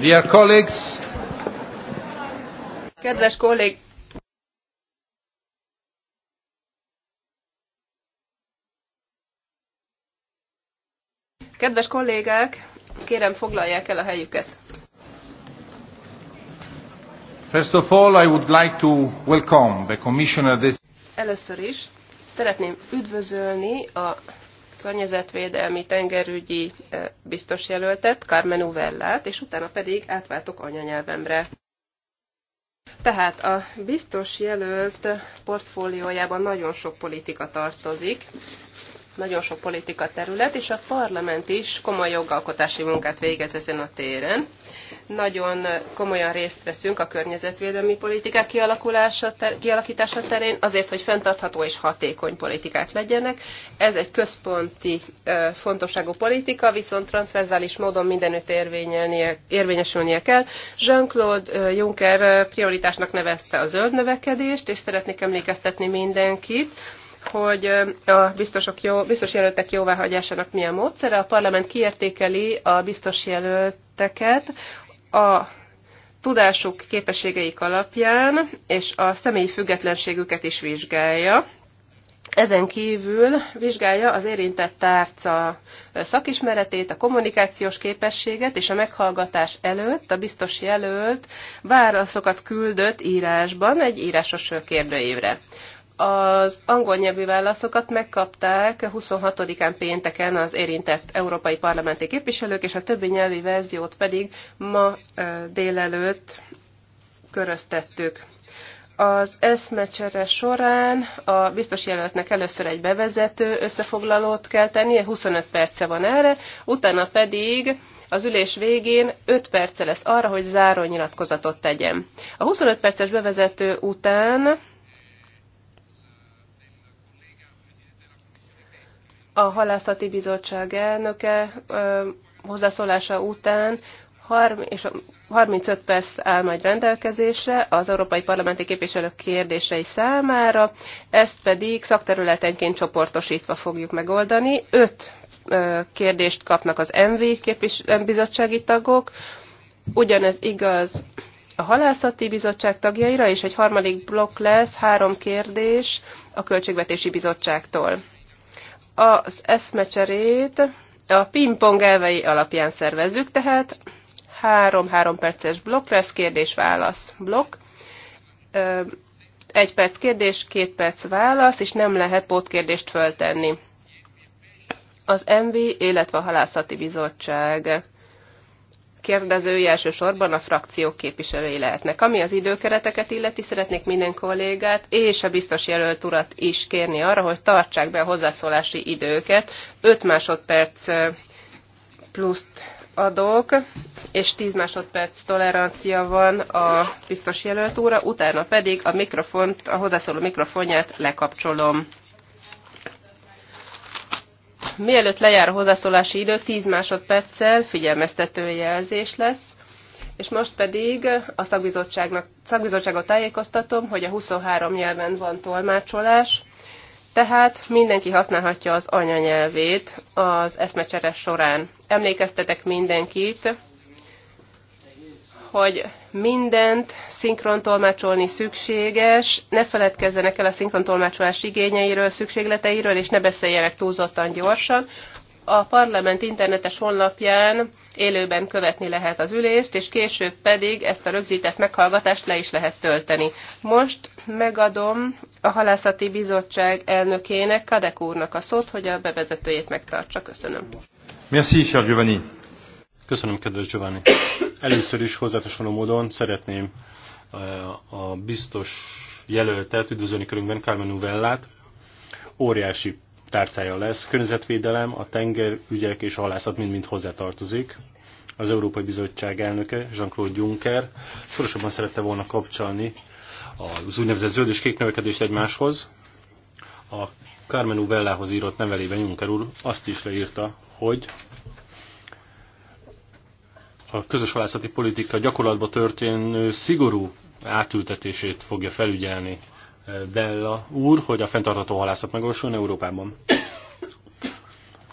Dear colleagues, Kedves kollég, Kedves kollégák, kérem foglalják el a helyüket. First of all, I would like to welcome the commissioner this Először is szeretném üdvözölni a környezetvédelmi, tengerügyi eh, biztos jelöltet, Carmen Uvellát, és utána pedig átváltok anyanyelvemre. Tehát a biztos jelölt portfóliójában nagyon sok politika tartozik, nagyon sok politika terület, és a parlament is komoly jogalkotási munkát végez ezen a téren. Nagyon komolyan részt veszünk a környezetvédelmi politikák kialakulása, ter, kialakítása terén, azért, hogy fenntartható és hatékony politikák legyenek. Ez egy központi fontosságú politika, viszont transzverzális módon mindenütt érvényesülnie kell. Jean-Claude Juncker prioritásnak nevezte a zöld növekedést, és szeretnék emlékeztetni mindenkit, hogy a biztosok jó, biztos jelöltek jóváhagyásának milyen módszere. A parlament kiértékeli a biztos jelölteket a tudásuk, képességeik alapján, és a személyi függetlenségüket is vizsgálja. Ezen kívül vizsgálja az érintett tárca szakismeretét, a kommunikációs képességet, és a meghallgatás előtt a biztos jelölt válaszokat küldött írásban egy írásos kérdőívre az angol nyelvű válaszokat megkapták 26-án pénteken az érintett európai parlamenti képviselők, és a többi nyelvi verziót pedig ma délelőtt köröztettük. Az eszmecsere során a biztos jelöltnek először egy bevezető összefoglalót kell tennie, 25 perce van erre, utána pedig az ülés végén 5 perce lesz arra, hogy záró nyilatkozatot tegyen. A 25 perces bevezető után a halászati bizottság elnöke hozzászólása után 30, és 35 perc áll majd rendelkezésre az európai parlamenti képviselők kérdései számára, ezt pedig szakterületenként csoportosítva fogjuk megoldani. Öt kérdést kapnak az MV bizottsági tagok, ugyanez igaz a halászati bizottság tagjaira, és egy harmadik blokk lesz, három kérdés a költségvetési bizottságtól az eszmecserét a pingpong elvei alapján szervezzük, tehát három-három perces blokk lesz, kérdés-válasz blokk. Egy perc kérdés, két perc válasz, és nem lehet pótkérdést föltenni. Az MV, illetve a Halászati Bizottság kérdezői elsősorban a frakciók képviselői lehetnek. Ami az időkereteket illeti, szeretnék minden kollégát és a biztos jelölt urat is kérni arra, hogy tartsák be a hozzászólási időket. 5 másodperc pluszt adok, és 10 másodperc tolerancia van a biztos jelölt úra, utána pedig a mikrofont, a hozzászóló mikrofonját lekapcsolom. Mielőtt lejár a hozzászólási idő, 10 másodperccel figyelmeztető jelzés lesz. És most pedig a szakbizottságnak, szakbizottságot tájékoztatom, hogy a 23 nyelven van tolmácsolás, tehát mindenki használhatja az anyanyelvét az eszmecsere során. Emlékeztetek mindenkit, hogy mindent szinkrontolmácsolni szükséges, ne feledkezzenek el a szinkrontolmácsolás igényeiről, szükségleteiről, és ne beszéljenek túlzottan gyorsan. A parlament internetes honlapján élőben követni lehet az ülést, és később pedig ezt a rögzített meghallgatást le is lehet tölteni. Most megadom a Halászati Bizottság elnökének, Kadek úrnak a szót, hogy a bevezetőjét megtartsa. Köszönöm. Merci, Giovanni. Köszönöm, kedves Giovanni. Először is hozzátosanó módon szeretném a biztos jelöltet üdvözölni körünkben, Carmen Uvellát. Óriási tárcája lesz. Környezetvédelem, a tengerügyek és a halászat mind-mind hozzátartozik. Az Európai Bizottság elnöke, Jean-Claude Juncker, szorosabban szerette volna kapcsolni az úgynevezett zöld és kék növekedést egymáshoz. A Carmen Uvellához írott nevelében Juncker úr azt is leírta, hogy a közös halászati politika gyakorlatba történő szigorú átültetését fogja felügyelni Bella eh, úr, hogy a fenntartható halászat megvalósuljon Európában.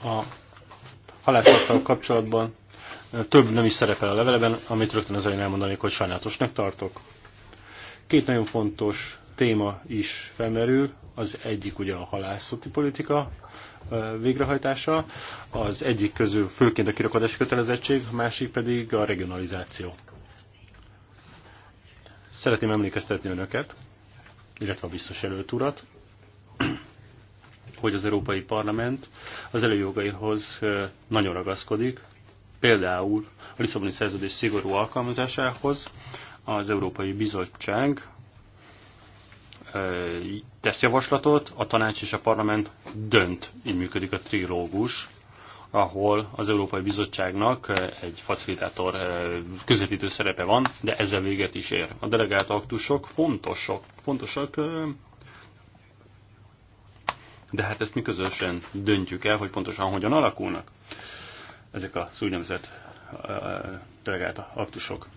A halászattal kapcsolatban eh, több nem is szerepel a leveleben, amit rögtön az elmondani, hogy sajnálatosnak tartok. Két nagyon fontos téma is felmerül, az egyik ugye a halászati politika végrehajtása, az egyik közül főként a kirakadási kötelezettség, a másik pedig a regionalizáció. Szeretném emlékeztetni önöket, illetve a biztos előtt urat, hogy az Európai Parlament az előjogaihoz nagyon ragaszkodik, például a Lisszaboni Szerződés szigorú alkalmazásához, az Európai Bizottság tesz javaslatot, a tanács és a parlament dönt. Így működik a trilógus, ahol az Európai Bizottságnak egy facilitátor közvetítő szerepe van, de ezzel véget is ér. A delegált aktusok fontosak, fontosak de hát ezt mi közösen döntjük el, hogy pontosan hogyan alakulnak ezek az úgynevezett delegált aktusok.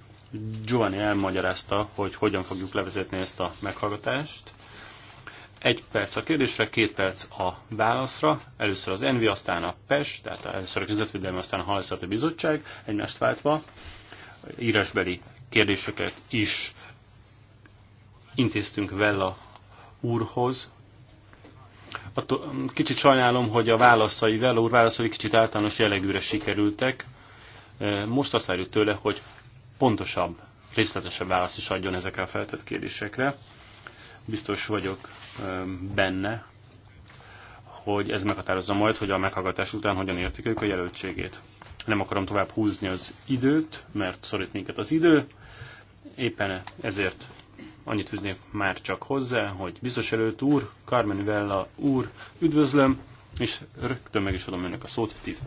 Giovanni elmagyarázta, hogy hogyan fogjuk levezetni ezt a meghallgatást. Egy perc a kérdésre, két perc a válaszra. Először az ENVI, aztán a PES, tehát először a Közvetvédelmi, aztán a Halászati Bizottság, egymást váltva. Írásbeli kérdéseket is intéztünk Vella úrhoz. kicsit sajnálom, hogy a válaszai, Vella úr válaszai kicsit általános jellegűre sikerültek. Most azt várjuk tőle, hogy pontosabb, részletesebb választ is adjon ezekre a feltett kérdésekre. Biztos vagyok benne, hogy ez meghatározza majd, hogy a meghallgatás után hogyan értékeljük a jelöltségét. Nem akarom tovább húzni az időt, mert szorít minket az idő. Éppen ezért annyit fűznék már csak hozzá, hogy biztos előtt úr, Carmen Vella úr, üdvözlöm, és rögtön meg is adom önnek a szót 10